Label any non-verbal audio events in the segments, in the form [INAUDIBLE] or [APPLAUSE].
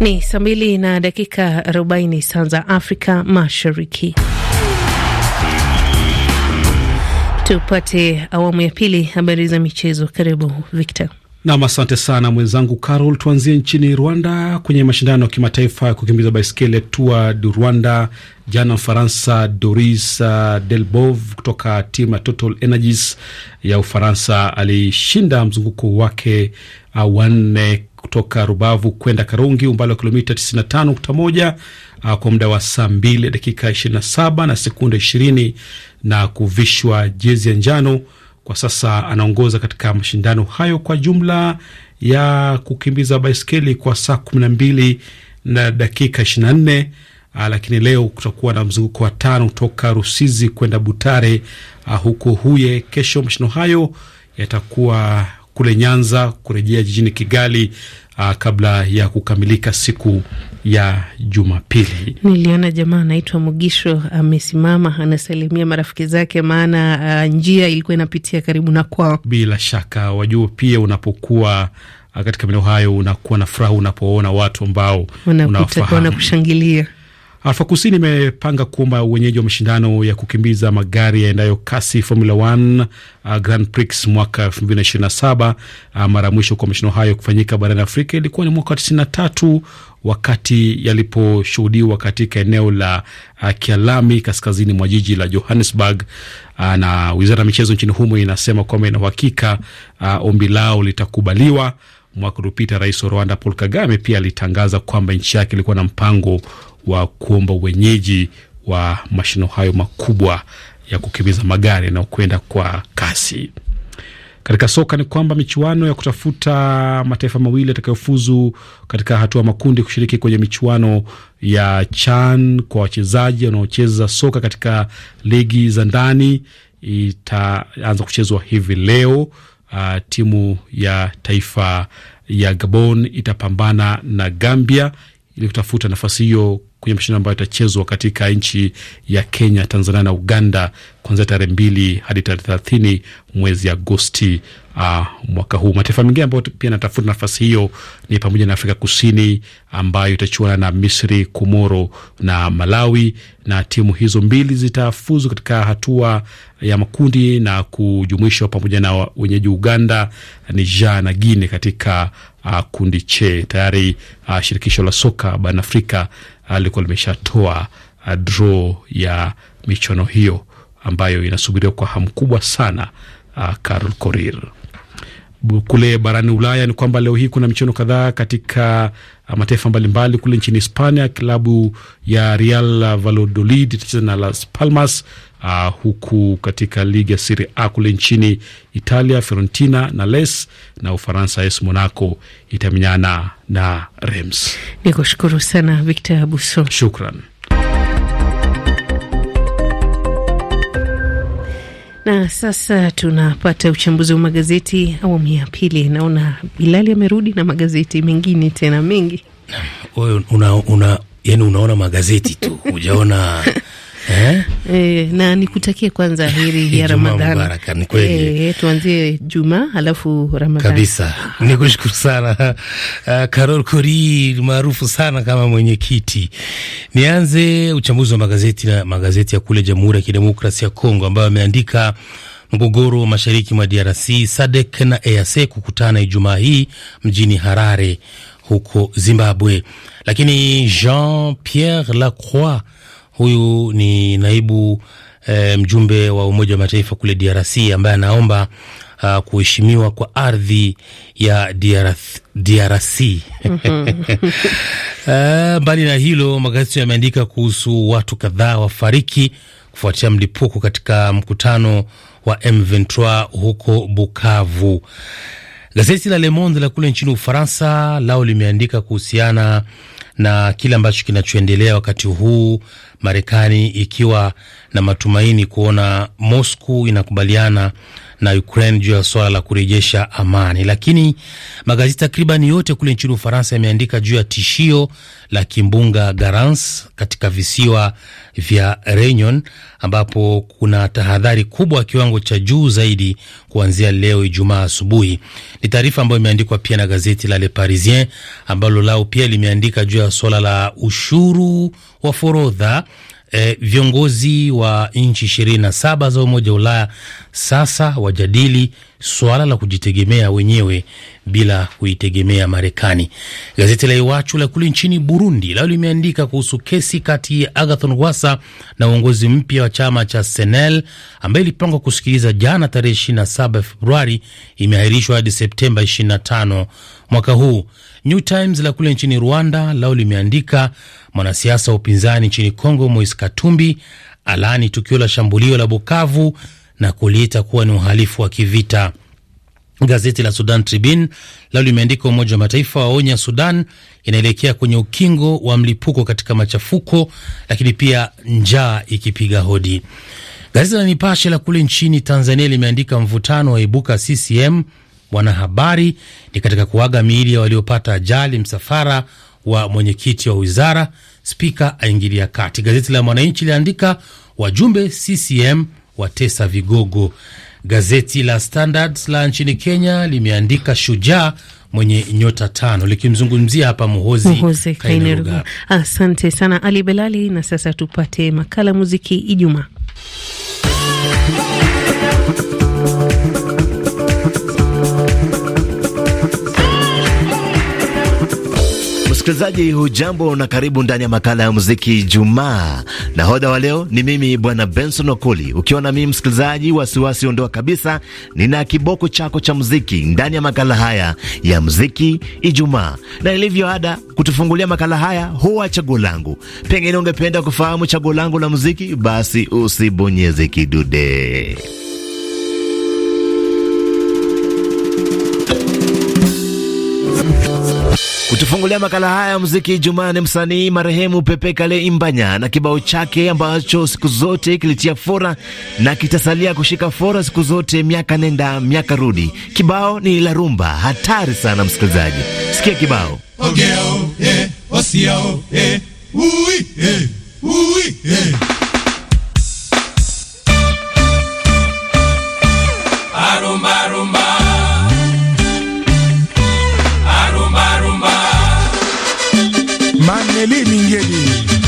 Ni saa mbili na dakika arobaini saa za Afrika Mashariki. Tupate awamu ya pili, habari za michezo. Karibu Victor. Nam, asante sana mwenzangu Carol. Tuanzie nchini Rwanda kwenye mashindano ya kimataifa ya kukimbiza baiskeli Tour du Rwanda. Jana Mfaransa Doris uh, Delbov kutoka timu ya Total Energies ya Ufaransa alishinda mzunguko wake uh, wanne kutoka Rubavu kwenda Karungi, umbali wa kilomita 95.1 ah, kwa muda wa saa 2 dakika 27 na sekunde 20, na kuvishwa jezi ya njano. Kwa sasa anaongoza katika mashindano hayo kwa jumla ya kukimbiza baiskeli kwa saa 12 na dakika 24. Aa, ah, lakini leo kutakuwa na mzunguko wa tano toka Rusizi kwenda Butare ah, huko Huye. Kesho mashindano hayo yatakuwa kule Nyanza kurejea jijini Kigali uh, kabla ya kukamilika siku ya Jumapili. Niliona jamaa anaitwa Mugisho amesimama anasalimia marafiki zake, maana uh, njia ilikuwa inapitia karibu na kwao. Bila shaka wajua, pia unapokuwa uh, katika maeneo hayo unakuwa na furaha unapoona watu ambao wanakushangilia. Alfa Kusini imepanga kuomba wenyeji wa mashindano ya kukimbiza magari yaendayo kasi Formula 1 uh, Grand Prix mwaka 2027. Uh, mara ya mwisho kwa mashindano hayo kufanyika barani Afrika ilikuwa ni mwaka wa 93 wakati yaliposhuhudiwa katika eneo la uh, Kialami kaskazini mwa jiji la Johannesburg. Uh, na wizara ya michezo nchini humo inasema kwamba ina uhakika uh, ombi lao litakubaliwa. Mwaka uliopita Rais wa Rwanda Paul Kagame pia alitangaza kwamba nchi yake ilikuwa na mpango wa kuomba wenyeji wa mashino hayo makubwa ya kukimbiza magari yanayokwenda kwa kasi. Katika soka ni kwamba michuano ya kutafuta mataifa mawili yatakayofuzu katika hatua makundi kushiriki kwenye michuano ya CHAN kwa wachezaji wanaocheza soka katika ligi za ndani itaanza kuchezwa hivi leo. Uh, timu ya taifa ya Gabon itapambana na Gambia ili kutafuta nafasi hiyo kwenye mashindano ambayo yatachezwa katika nchi ya Kenya, Tanzania na Uganda kuanzia tarehe mbili hadi tarehe thelathini mwezi Agosti uh, mwaka huu. Mataifa mengine ambayo pia yanatafuta nafasi hiyo ni pamoja na Afrika Kusini ambayo itachuana na Misri, Komoro na Malawi, na timu hizo mbili zitafuzu katika hatua ya makundi na kujumuishwa pamoja na wenyeji Uganda, Niger na Guinea katika uh, kundi che. Tayari uh, shirikisho la soka barani Afrika alikuwa limeshatoa uh, draw ya michuano hiyo ambayo inasubiriwa kwa hamu kubwa sana. Uh, Karl Korir kule barani Ulaya ni kwamba leo hii kuna michuano kadhaa katika uh, mataifa mbalimbali. Kule nchini Hispania, klabu ya Real Valladolid itacheza na Las Palmas Uh, huku katika ligi ya Serie A kule nchini Italia, Fiorentina na Les na Ufaransa, AS Monaco itamenyana na rems Ni kushukuru sana Victor Abuso, shukran. Na sasa tunapata uchambuzi wa magazeti awamu ya pili. Naona Bilali amerudi na magazeti mengine tena mengi. Wewe una, una, yani unaona magazeti tu hujaona [LAUGHS] eh? E, na nikutakie kwanza heri ya [LAUGHS] Ramadhani. Ni kweli e, tuanzie Juma alafu Ramadhani kabisa. Ah. [LAUGHS] Nikushukuru sana uh, ah, Karol Kori maarufu sana kama mwenyekiti. Nianze uchambuzi wa magazeti na magazeti ya kule Jamhuri ya Kidemokrasia ya Kongo ambayo ameandika mgogoro wa mashariki mwa DRC, SADC na EAC kukutana Ijumaa hii mjini Harare huko Zimbabwe, lakini Jean Pierre Lacroix Huyu ni naibu e, mjumbe wa Umoja wa Mataifa kule DRC ambaye anaomba Uh, kuheshimiwa kwa ardhi ya DRC, mm -hmm. Uh, [LAUGHS] eh, mbali na hilo magazeti yameandika kuhusu watu kadhaa wafariki kufuatia mlipuko katika mkutano wa M23 huko Bukavu. Gazeti la Le Monde la kule nchini Ufaransa lao limeandika kuhusiana na kile ambacho kinachoendelea wakati huu Marekani ikiwa na matumaini kuona Moscow inakubaliana na Ukraine juu ya swala la kurejesha amani, lakini magazeti takriban yote kule nchini Ufaransa yameandika juu ya tishio la kimbunga Garance katika visiwa vya Reunion, ambapo kuna tahadhari kubwa ya kiwango cha juu zaidi kuanzia leo Ijumaa asubuhi. Ni taarifa ambayo imeandikwa pia na gazeti la Le Parisien ambalo lao pia limeandika juu ya swala la ushuru wa forodha E, viongozi wa nchi ishirini na saba za Umoja wa Ulaya sasa wajadili swala la kujitegemea wenyewe bila kuitegemea Marekani. Gazeti la Iwachu la kule nchini Burundi lao limeandika kuhusu kesi kati ya Agathon Rwasa na uongozi mpya wa chama cha Senel ambaye ilipangwa kusikiliza jana tarehe 27 Februari, imeahirishwa hadi Septemba 25 mwaka huu. New Times la kule nchini Rwanda lao limeandika mwanasiasa wa upinzani nchini congo Moise Katumbi alaani tukio la shambulio la Bukavu na kuliita kuwa ni uhalifu wa kivita. Gazeti la Sudan Tribune lao limeandika Umoja wa Mataifa waonya Sudan inaelekea kwenye ukingo wa mlipuko katika machafuko, lakini pia njaa ikipiga hodi. Gazeti la Nipashe la kule nchini Tanzania limeandika mvutano wa ibuka CCM mwanahabari ni katika kuaga miili ya waliopata ajali msafara wa mwenyekiti wa wizara, spika aingilia kati. Gazeti la Mwananchi liandika wajumbe CCM watesa vigogo. Gazeti la Standard la nchini Kenya limeandika shujaa mwenye nyota tano likimzungumzia hapa Muhozi, Muhozi Asante sana Ali Belali, na sasa tupate makala muziki Ijumaa. Msikilizaji hujambo na karibu ndani ya makala ya muziki Jumaa. Nahodha wa leo ni mimi bwana Benson Okuli. Ukiwa na mimi msikilizaji, wasiwasi ondoa kabisa, nina kiboko chako cha muziki ndani ya makala haya ya muziki Ijumaa, na ilivyo ada, kutufungulia makala haya huwa chaguo langu. Pengine ungependa kufahamu chaguo langu la muziki, basi usibonyeze kidude. Kutufungulia makala haya ya muziki Jumaa ni msanii marehemu Pepe Kale Imbanya na kibao chake ambacho siku zote kilitia fora na kitasalia kushika fora siku zote, miaka nenda miaka rudi. Kibao ni la rumba, hatari sana msikilizaji, sikia kibao ogeo, eh, osiao, eh, ui, eh, ui, eh. Manneli Mingeli.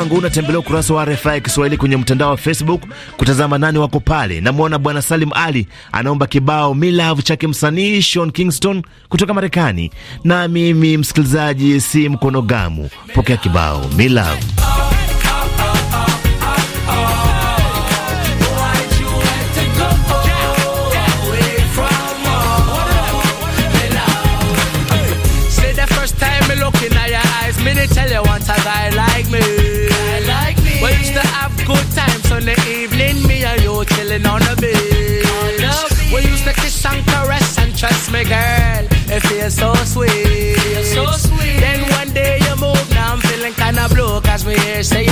mwenzangu, unatembelea ukurasa wa RFI Kiswahili kwenye mtandao wa Facebook kutazama nani wako pale. Namwona Bwana Salim Ali anaomba kibao Me Love chake msanii Sean Kingston kutoka Marekani. Na mimi msikilizaji, si mkono gamu, pokea kibao Me Love. Chilling on the beach. We used to kiss and caress and trust me, girl. It feels so sweet. Feel so sweet. Then one day you move, now I'm feeling kinda blue, cause we here saying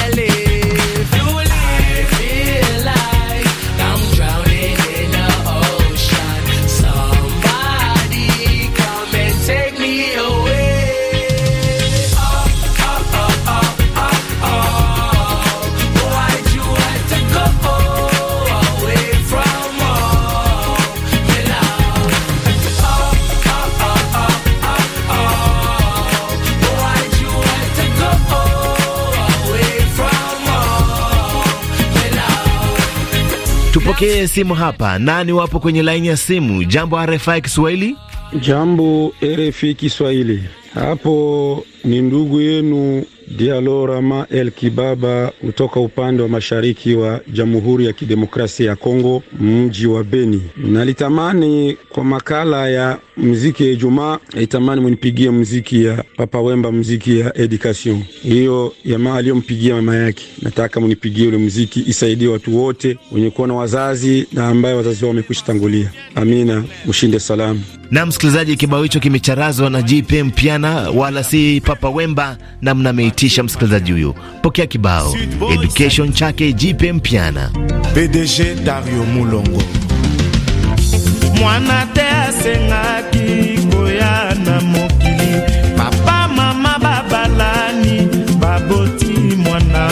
kwenye simu hapa. Nani wapo kwenye laini ya simu? Jambo RFI Kiswahili. Jambo RFI Kiswahili, hapo ni ndugu yenu Dialorama El Kibaba kutoka upande wa mashariki wa Jamhuri ya Kidemokrasia ya Kongo, mji wa Beni. Nalitamani kwa makala ya mziki ya Ijumaa aitamani munipigie mziki ya Papa Wemba, mziki ya Education, hiyo yamaa aliyompigia mama yake. Nataka munipigie ule mziki isaidie watu wote wenye kuwa na wazazi na ambaye wazazi wao wamekwisha tangulia. Amina, ushinde salamu. Na msikilizaji, kibao hicho kimecharazwa na JPM Piana, wala si Papa Wemba, na mnameitisha msikilizaji huyu. Pokea kibao Education chake JPM Piana, PDG Dario Mulongo. mwana te asengaki koya na mokili papa mama babalani baboti mwana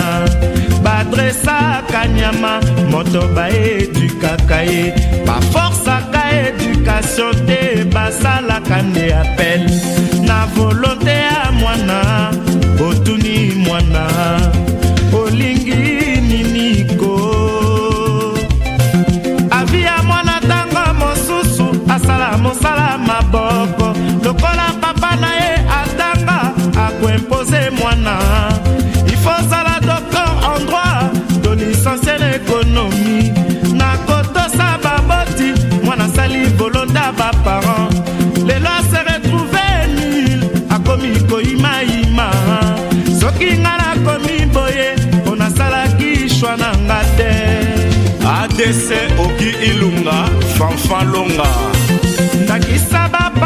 badresaka nyama moto baedukaka ye baforsaka edukatio te basalaka nde apele na volonte ya mwana botuni mwana soki nga nakomi boye mpo nasalaki shwa na nga te adc oki ilunga fanfan longa ndakisa bapa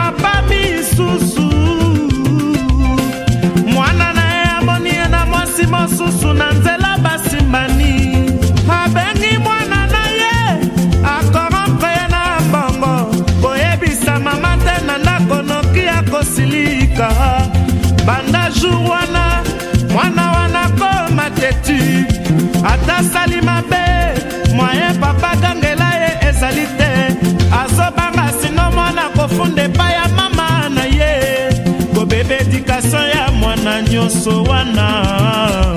so I know.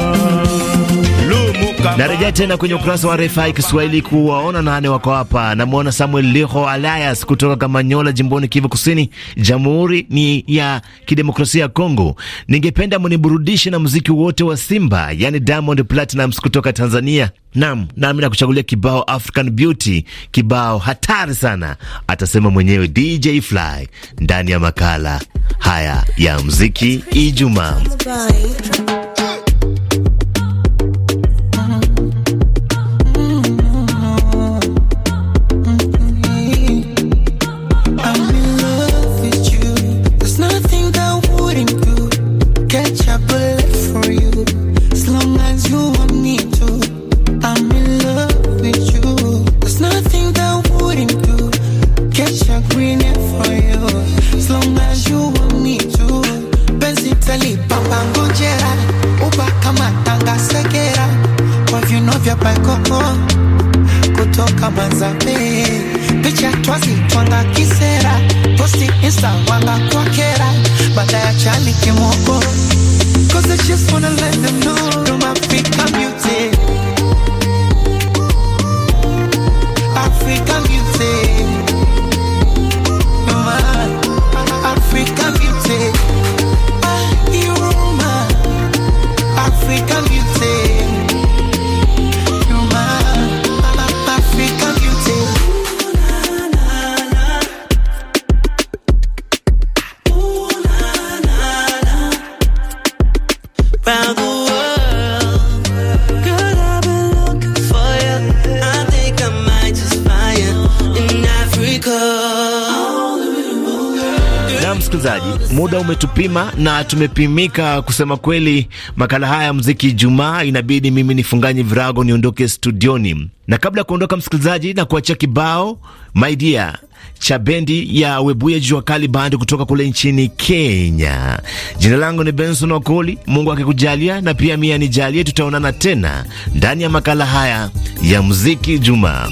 Narejea tena kwenye ukurasa wa RFI Kiswahili kuwaona nane wako hapa. Namwona Samuel Liho Alias kutoka Kamanyola, jimboni Kivu Kusini, Jamhuri ni ya Kidemokrasia ya Kongo. Ningependa muniburudishe na muziki wote wa Simba, yani Diamond Platnumz kutoka Tanzania. Nam nami nakuchagulia kibao African Beauty, kibao hatari sana, atasema mwenyewe DJ Fly ndani ya makala haya ya muziki Ijumaa. Muda umetupima na tumepimika kusema kweli. Makala haya ya muziki Ijumaa inabidi mimi nifunganye virago niondoke studioni, na kabla ya kuondoka, msikilizaji, na kuachia kibao My Dear cha bendi ya Webuye Jua Kali Bandi kutoka kule nchini Kenya. Jina langu ni Benson Wakoli. Mungu akikujalia na pia mia nijalie, tutaonana tena ndani ya makala haya ya muziki Ijumaa.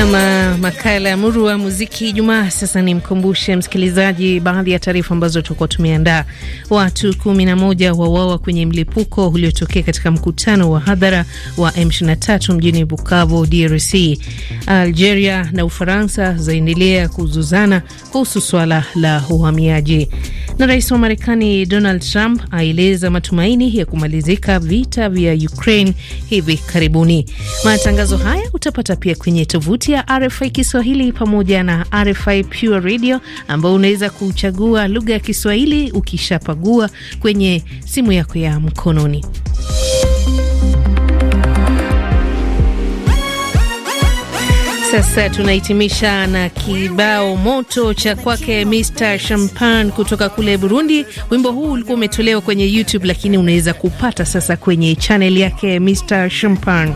nama makala ya murua muziki Ijumaa. Sasa nimkumbushe msikilizaji baadhi ya taarifa ambazo tulikuwa tumeandaa. Watu kumi na moja wauawa kwenye mlipuko uliotokea katika mkutano wa hadhara wa M23 mjini Bukavu, DRC. Algeria na Ufaransa zaendelea kuzuzana kuhusu swala la uhamiaji. Na rais wa Marekani Donald Trump aeleza matumaini ya kumalizika vita vya Ukraine hivi karibuni. Matangazo haya utapata pia kwenye tovuti ya RF RFI Kiswahili pamoja na RFI Pure Radio ambao unaweza kuchagua lugha ya Kiswahili ukishapagua kwenye simu yako ya mkononi. Sasa tunahitimisha na kibao moto cha kwake Mr Champagne kutoka kule Burundi. Wimbo huu ulikuwa umetolewa kwenye YouTube, lakini unaweza kupata sasa kwenye chaneli yake Mr Champagne.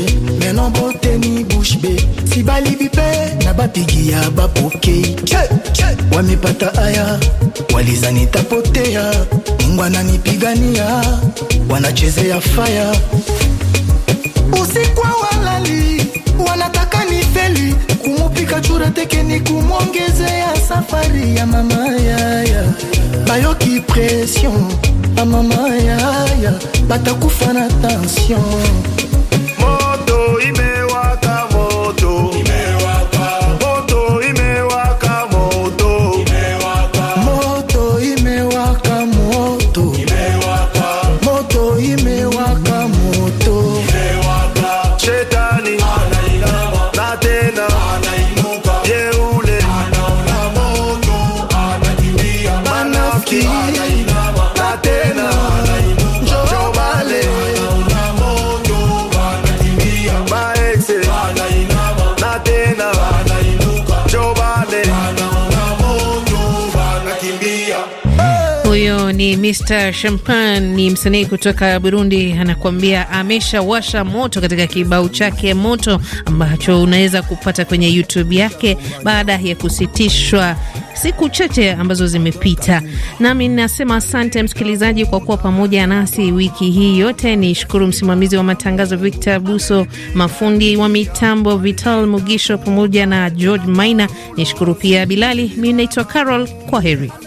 bouche maintenant bote ni bouche be sibali bipe na walizani tapotea wamepata haya walizanitapotea wana cheze ya faya usikwa walali wanataka nifeli kumupika chura teke ni kumwongezea safari ya mama yaya bayoki presion ya mama yaya batakufa na tension ni Mr Champagne, ni msanii kutoka Burundi, anakuambia ameshawasha moto katika kibao chake moto ambacho unaweza kupata kwenye YouTube yake baada ya kusitishwa siku chache ambazo zimepita. Nami nasema asante msikilizaji kwa kuwa pamoja nasi wiki hii yote. Ni shukuru msimamizi wa matangazo Victor Buso, mafundi wa mitambo Vital Mugisho pamoja na George Maina. Ni shukuru pia Bilali. Mi naitwa Carol, kwa heri.